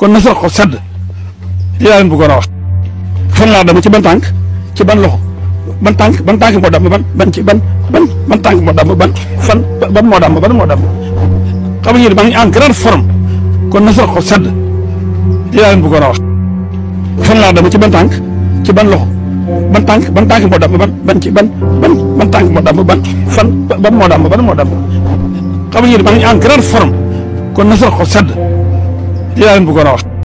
kon na sa sedd li laa leen a wax fan laa dama ci ban tànk ci ban loxo ban tànk ban tànk moo damm ban ban ci ban ban tànk moo damm ban fan ban moo damm ban moo damm xam nga ni maa ngi kon na sa xol sedd li a wax fan laa dama ci ban tànk ci ban loxo ban tànk ban tànk moo damm ban ci ban ban ban tànk moo damm ban fan ban moo damm ban moo damm xam nga ni maa ngi en grande kon na sa xol sedd ci laa leen bëggoon a wax.